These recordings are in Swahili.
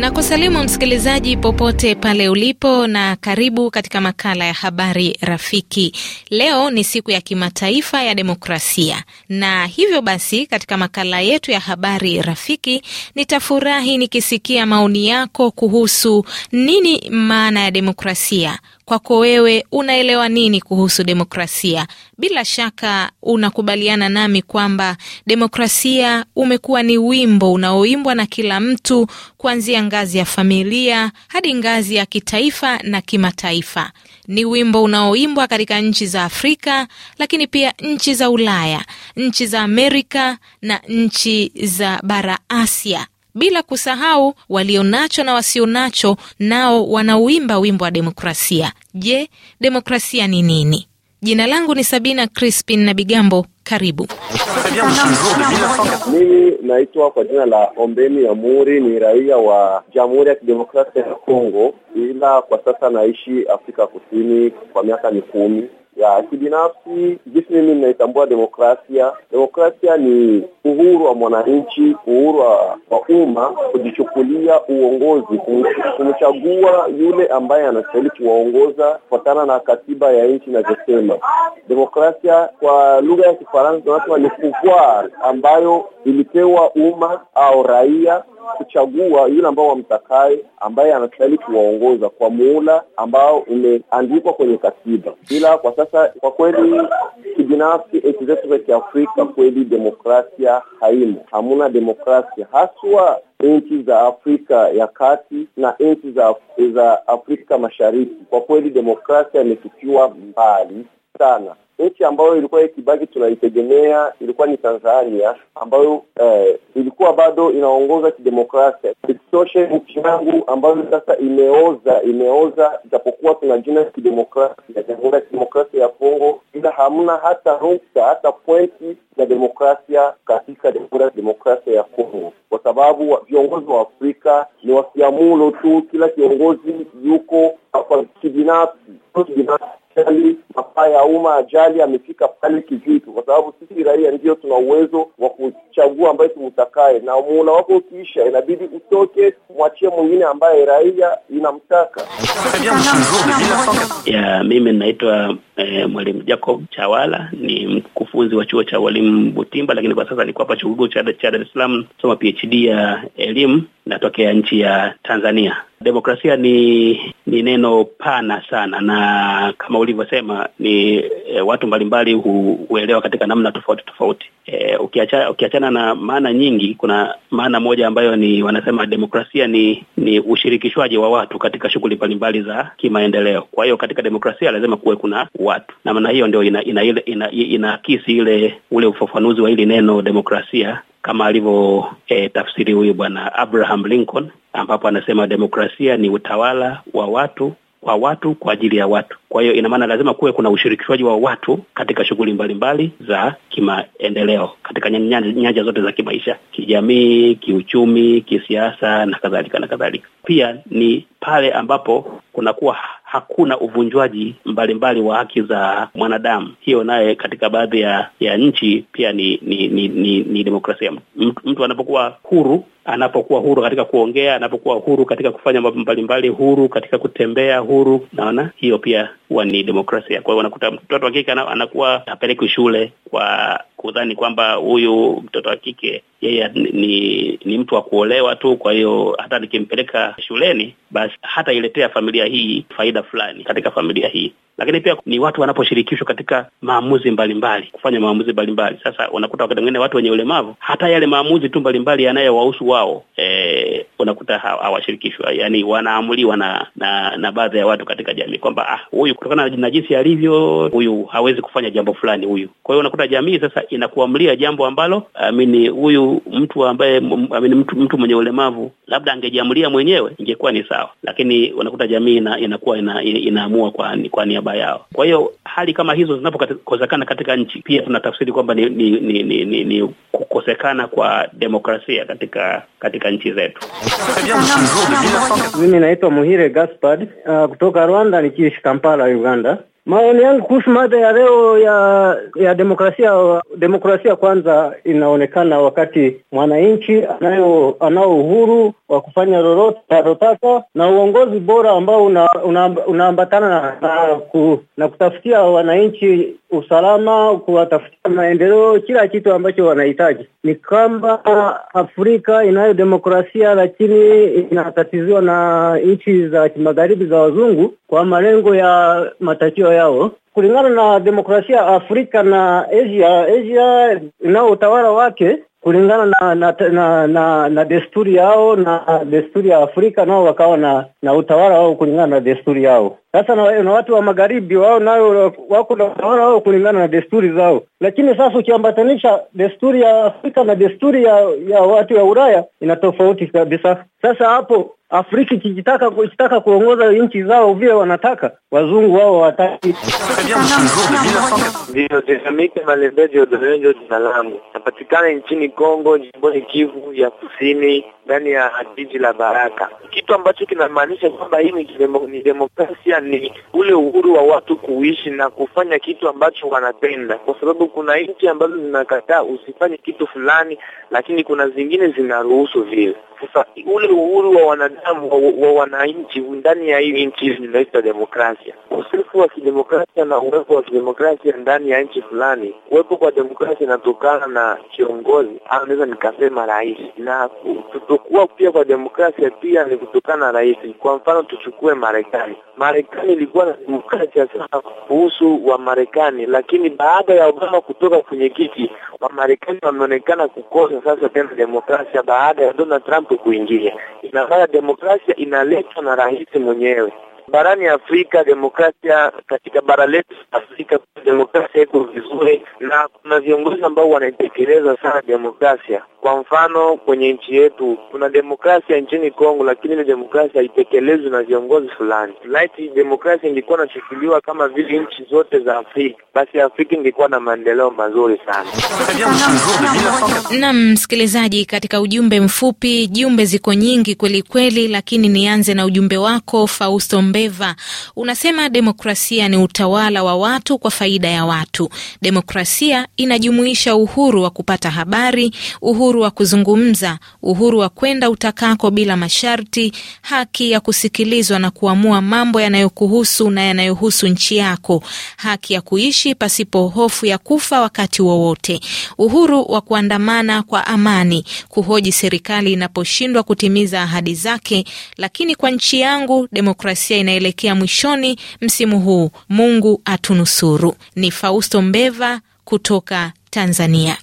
Nakusalimu msikilizaji popote pale ulipo na karibu katika makala ya habari rafiki. Leo ni siku ya kimataifa ya demokrasia, na hivyo basi katika makala yetu ya habari rafiki nitafurahi nikisikia maoni yako kuhusu nini maana ya demokrasia kwako wewe unaelewa nini kuhusu demokrasia? Bila shaka unakubaliana nami kwamba demokrasia umekuwa ni wimbo unaoimbwa na kila mtu kuanzia ngazi ya familia hadi ngazi ya kitaifa na kimataifa. Ni wimbo unaoimbwa katika nchi za Afrika, lakini pia nchi za Ulaya, nchi za Amerika na nchi za bara Asia bila kusahau walionacho na wasionacho, nao wanauimba wimbo wa demokrasia. Je, demokrasia ni nini? Jina langu ni Sabina Crispin na Bigambo. Karibu. Mimi naitwa kwa jina la Ombeni ya muri ni raia wa Jamhuri ya Kidemokrasia ya Kongo, ila kwa sasa naishi Afrika Kusini kwa miaka ni kumi ya kibinafsi, jinsi mimi ninaitambua demokrasia, demokrasia ni uhuru wa mwananchi, uhuru wa umma kujichukulia uongozi, kumchagua yule ambaye anastahili kuwaongoza kufuatana na katiba ya nchi inavyosema. Demokrasia kwa lugha ya Kifaransa tunasema ni pouvoir, ambayo ilipewa umma au raia kuchagua yule ambao wamtakae ambaye anastahili kuwaongoza kwa muula ambao umeandikwa kwenye katiba. Ila kwa sasa kwa kweli, kibinafsi, nchi zetu za Kiafrika kweli demokrasia haimo, hamuna demokrasia haswa nchi za Afrika ya kati na nchi za, za Afrika Mashariki. Kwa kweli demokrasia imetukiwa mbali sana. Nchi ambayo ilikuwa ikibaki tunaitegemea ilikuwa ni Tanzania ambayo eh, ilikuwa bado inaongoza kidemokrasia. Isitoshe, nchi yangu ambayo sasa imeoza imeoza, japokuwa tuna jina kidemokrasia, Jamhuri ya Kidemokrasia ya Kongo, ila hamna hata nukta hata pointi ya demokrasia katika Jamhuri ya Kidemokrasia ya Kongo, kwa sababu viongozi wa Afrika ni wasiamulo tu, kila kiongozi yuko kwa kibinafsi kibinafsi ya umma ajali amefika hali kivipi, kwa sababu sisi raia ndio tuna uwezo wa kuchagua ambaye tumtakae, na muhula wako ukiisha, inabidi utoke, mwachie mwingine ambaye raia inamtaka. Yeah, mimi naitwa eh, mwalimu Jacob Chawala, ni mkufunzi wa chuo cha walimu Butimba, lakini kwa sasa niko hapa chuo kikuu cha Dar es Salaam soma PhD ya elimu, natokea nchi ya Tanzania. Demokrasia ni ni neno pana sana, na kama ulivyosema ni e, watu mbalimbali kuelewa katika namna tofauti tofauti. E, ukiacha, ukiachana na maana nyingi, kuna maana moja ambayo ni wanasema demokrasia ni ni ushirikishwaji wa watu katika shughuli mbalimbali za kimaendeleo. Kwa hiyo katika demokrasia lazima kuwe kuna watu, na maana hiyo ndio inaakisi ina, ina, ina, ina, ina ile ule ufafanuzi wa hili neno demokrasia kama alivyo e, tafsiri huyu Bwana Abraham Lincoln ambapo anasema demokrasia ni utawala wa watu kwa watu kwa ajili ya watu. Kwa hiyo ina maana lazima kuwe kuna ushirikishwaji wa watu katika shughuli mbalimbali za kimaendeleo katika nyanja zote za kimaisha, kijamii, kiuchumi, kisiasa na kadhalika na kadhalika. Pia ni pale ambapo kunakuwa hakuna uvunjwaji mbalimbali wa haki za mwanadamu. Hiyo naye katika baadhi ya, ya nchi pia ni ni, ni, ni, ni demokrasia. Mtu anapokuwa huru anapokuwa huru katika kuongea, anapokuwa huru katika kufanya mambo mbalimbali, huru katika kutembea, huru, naona hiyo pia huwa ni demokrasia. Kwa hiyo unakuta mtoto wa kike anakuwa hapelekwi shule kwa kudhani kwamba huyu mtoto wa kike yeye ni, ni mtu wa kuolewa tu, kwa hiyo hata nikimpeleka shuleni basi hata iletea familia hii faida fulani katika familia hii lakini pia ni watu wanaposhirikishwa katika maamuzi mbalimbali, kufanya maamuzi mbalimbali. Sasa unakuta wakati mwingine watu wenye ulemavu hata yale maamuzi tu mbalimbali yanayowahusu wao e, unakuta hawashirikishwa, yani wanaamuliwa na na, na baadhi ya watu katika jamii kwamba ah, huyu kutokana na jinsi alivyo huyu hawezi kufanya jambo fulani huyu. Kwa hiyo unakuta jamii sasa inakuamlia jambo ambalo amini huyu mtu ambaye amini mtu, mtu mwenye ulemavu labda angejiamulia mwenyewe ingekuwa ni sawa, lakini unakuta jamii inakuwa ina, inaamua kwa kwa niaba mikoba yao. Kwa hiyo hali kama hizo zinapokosekana katika nchi, pia tunatafsiri kwamba ni, ni, ni, ni, ni, ni kukosekana kwa demokrasia katika katika nchi zetu. Mimi naitwa Muhire Gaspard uh, kutoka Rwanda nikiishi Kampala, Uganda. Maoni yangu kuhusu mada ya leo ya ya demokrasia demokrasia kwanza, inaonekana wakati mwananchi anayo anao uhuru wa kufanya lolote analotaka na uongozi bora ambao unaambatana una, una na, na, ku, na kutafutia wananchi usalama, kuwatafutia maendeleo, kila kitu ambacho wanahitaji. Ni kwamba Afrika inayo demokrasia, lakini inatatiziwa na nchi za kimagharibi za wazungu kwa malengo ya matakio yao. Kulingana na demokrasia Afrika na Asia, Asia inao utawala wake kulingana na na, na na na desturi yao na desturi ya Afrika nao wakawa na, na utawala wao kulingana na desturi yao. Sasa na, na watu wa magharibi wao nao wako na utawala wao kulingana na desturi zao, lakini sasa ukiambatanisha desturi ya Afrika na desturi ya, ya watu ya Ulaya ina tofauti kabisa. Sasa hapo Afrika ikitaka ikitaka kuongoza nchi zao vile wanataka, wazungu wao wataki. Ndio Dinamike Malembejo Odolenjo jina langu, napatikana nchini Kongo, jimboni Kivu ya Kusini, ndani ya jiji la Baraka. Kitu ambacho kinamaanisha kwamba hii ni demokrasia, ni ule uhuru wa watu kuishi na kufanya kitu ambacho wanapenda, kwa sababu kuna nchi ambazo zinakataa usifanye kitu fulani, lakini kuna zingine zinaruhusu vile. Sasa ule uhuru wa wanadamu ubinadamu wa, wa wananchi ndani ya hii nchi zinaitwa demokrasia. Usifu wa kidemokrasia na uwepo wa kidemokrasia ndani ya nchi fulani, uwepo kwa demokrasia inatokana na kiongozi au naweza nikasema rais, na kutokuwa pia kwa demokrasia pia ni kutokana na rais. Kwa mfano tuchukue Marekani. Marekani ilikuwa na demokrasia sana kuhusu wa Marekani, lakini baada ya Obama kutoka kwenye kiti, wa Marekani wameonekana kukosa sasa tena demokrasia baada ya Donald Trump kuingia ina maana demokrasia inaletwa na rais mwenyewe barani Afrika, demokrasia katika bara letu Afrika, demokrasia iko vizuri na kuna viongozi ambao wanaitekeleza sana demokrasia. Kwa mfano, kwenye nchi yetu kuna demokrasia nchini Kongo, lakini ile demokrasia haitekelezwi na viongozi fulani. Laiti demokrasia ingekuwa inachukuliwa kama vile nchi zote za Afrika, basi Afrika ingekuwa na maendeleo mazuri sana. Naam, msikilizaji, katika ujumbe mfupi, jumbe ziko nyingi kweli kweli, lakini nianze na ujumbe wako Fausto Mbe Mbeva unasema demokrasia ni utawala wa watu kwa faida ya watu. Demokrasia inajumuisha uhuru wa kupata habari, uhuru wa kuzungumza, uhuru wa kwenda utakako bila masharti, haki ya kusikilizwa na kuamua mambo yanayokuhusu na yanayohusu nchi yako, haki ya kuishi pasipo hofu ya kufa wakati wowote, uhuru wa kuandamana kwa amani, kuhoji serikali inaposhindwa kutimiza ahadi zake. Lakini kwa nchi yangu demokrasia ina yanaelekea mwishoni msimu huu. Mungu atunusuru. Ni Fausto Mbeva kutoka Tanzania.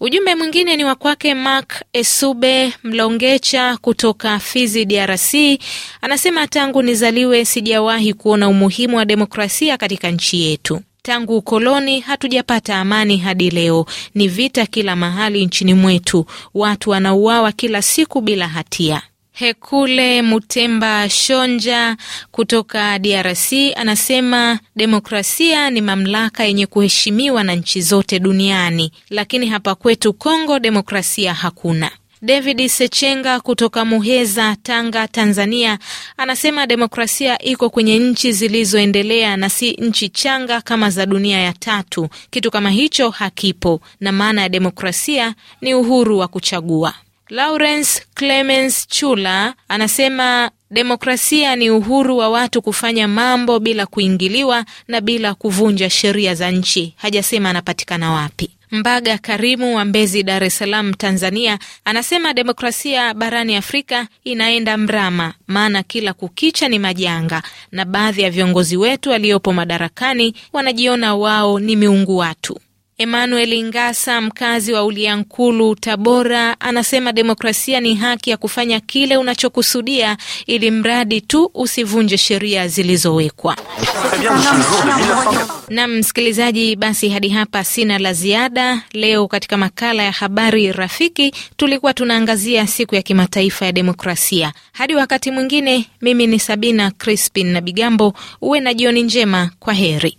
Ujumbe mwingine ni wa kwake Mark Esube Mlongecha kutoka Fizi, DRC. Anasema tangu nizaliwe sijawahi kuona umuhimu wa demokrasia katika nchi yetu. Tangu ukoloni hatujapata amani hadi leo. Ni vita kila mahali nchini mwetu, watu wanauawa kila siku bila hatia. Hekule Mutemba Shonja kutoka DRC anasema demokrasia ni mamlaka yenye kuheshimiwa na nchi zote duniani, lakini hapa kwetu Kongo demokrasia hakuna. David Sechenga kutoka Muheza, Tanga, Tanzania anasema demokrasia iko kwenye nchi zilizoendelea na si nchi changa kama za dunia ya tatu. Kitu kama hicho hakipo, na maana ya demokrasia ni uhuru wa kuchagua. Lawrence Clemens Chula anasema demokrasia ni uhuru wa watu kufanya mambo bila kuingiliwa na bila kuvunja sheria za nchi. Hajasema anapatikana wapi. Mbaga Karimu wa Mbezi, Dar es Salaam, Tanzania, anasema demokrasia barani Afrika inaenda mrama, maana kila kukicha ni majanga, na baadhi ya viongozi wetu waliopo madarakani wanajiona wao ni miungu watu. Emmanuel Ngasa, mkazi wa Uliankulu, Tabora, anasema demokrasia ni haki ya kufanya kile unachokusudia ili mradi tu usivunje sheria zilizowekwa. Nam msikilizaji, basi hadi hapa sina la ziada leo. Katika makala ya habari rafiki, tulikuwa tunaangazia siku ya kimataifa ya demokrasia. Hadi wakati mwingine, mimi ni Sabina Crispin na Bigambo. Uwe na jioni njema, kwa heri.